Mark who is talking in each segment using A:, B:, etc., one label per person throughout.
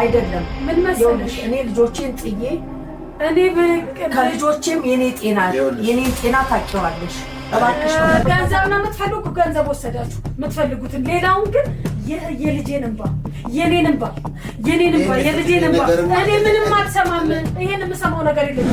A: አይደለም ምን መሰለሽ እኔ ልጆቼን ጥዬ እኔ ከልጆቼም የኔ ጤና የኔን ጤና ታውቂዋለሽ።
B: ገንዘብ ነው የምትፈልጉ፣ ገንዘብ ወሰዳችሁ የምትፈልጉትን። ሌላውን ግን የልጄን እንባ የኔን እንባ የኔን እንባ የልጄን እንባ እኔ ምንም አልሰማም። ይሄን የምሰማው ነገር የለም።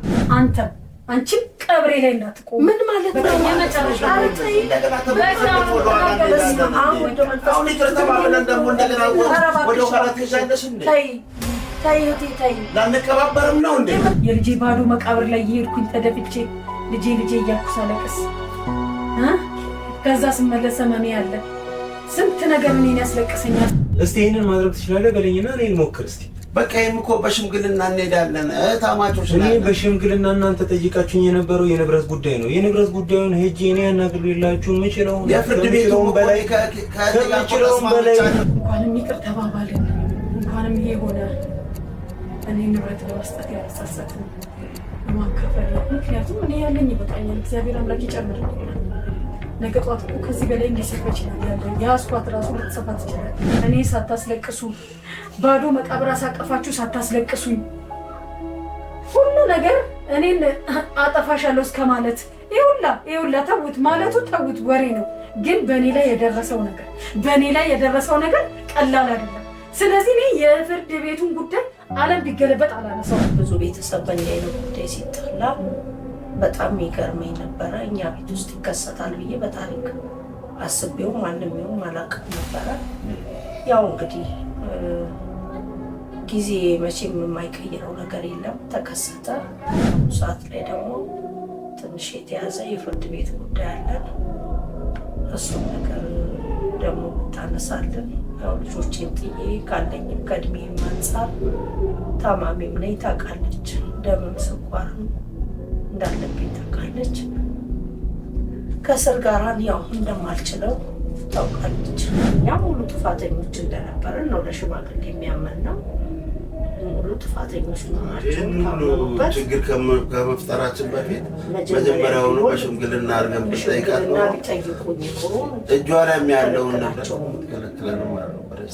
B: አንተ አንቺ ቀብሬ ላይ እንዳትቆም። ምን ማለት ነው?
C: ላንቀባበርም ነው እንዴ?
B: የልጄ ባዶ መቃብር ላይ የሄድኩኝ ተደፍቼ ልጄ ልጄ እያልኩ ሳለቅስ ከዛ ስመለስ ሰመሜ አለ። ስንት ነገር እኔን ያስለቅሰኛል።
D: እስቲ ይህንን ማድረግ ትችላለህ በለኝና እኔን ሞክር እስቲ
C: በቃ ይህም እኮ በሽምግልና እንሄዳለን ታማቾች። እኔ
D: በሽምግልና እናንተ ጠይቃችሁኝ የነበረው የንብረት ጉዳይ ነው። የንብረት ጉዳዩን ሄጄ እኔ ያናግርላችሁ የምችለው
C: የፍርድ ቤቱ በላይ
D: ከምችለውም በላይ
B: እንኳንም ይቅር ተባባልን። እንኳንም ይሄ ሆነ። እኔ ንብረት ለመስጠት ያሳሰትን ማካፈል፣ ምክንያቱም እኔ ያለኝ ይበቃኛል። እግዚአብሔር አምላክ ይጨምርልኛል። ነገ ጠዋት እኮ ከዚህ በላይ እንዲሰፋ ይችላል ያለው የአስኳት ራሱ ልትሰፋ ይችላል። እኔ ሳታስለቅሱ ባዶ መቃብር አሳቀፋችሁ ሳታስለቅሱኝ ሁሉ ነገር እኔን አጠፋሻለሁ እስከ ማለት ይሁላ ይሁላ ተውት ማለቱ ተውት ወሬ ነው። ግን በእኔ ላይ የደረሰው ነገር በእኔ ላይ የደረሰው ነገር ቀላል አይደለም። ስለዚህ እኔ የፍርድ ቤቱን ጉዳይ አለም ቢገለበጥ አላነሳው ብዙ ቤተሰብ በእንዲህ ዓይነት ጉዳይ ሲጠላ በጣም ይገርመኝ ነበረ። እኛ ቤት ውስጥ ይከሰታል ብዬ በታሪክ አስቤው ማንም ይሁን አላውቅም ነበረ። ያው እንግዲህ ጊዜ መቼም የማይቀይረው ነገር የለም። ተከሰተ። ሰዓት ላይ ደግሞ ትንሽ የተያዘ የፍርድ ቤት ጉዳይ አለን። እሱም ነገር ደግሞ ብታነሳልን ያው ልጆቼን ጥዬ ካለኝም ከእድሜም አንጻር ታማሚም ነኝ ታውቃለች። ደምም ስኳርም እንዳለብኝ ታውቃለች። ከስር ጋር ያው እንደማልችለው ታውቃለች። እኛ ሙሉ ጥፋተኞች እንደነበርን ነው ለሽማግሌ የሚያመን ነው። ሙሉ ጥፋተኞች
C: ናቸውበት። ችግር ከመፍጠራችን በፊት መጀመሪያውኑ በሽምግልና አድርገን ብጠይቃት እጇ ላይ ያለውን ነው።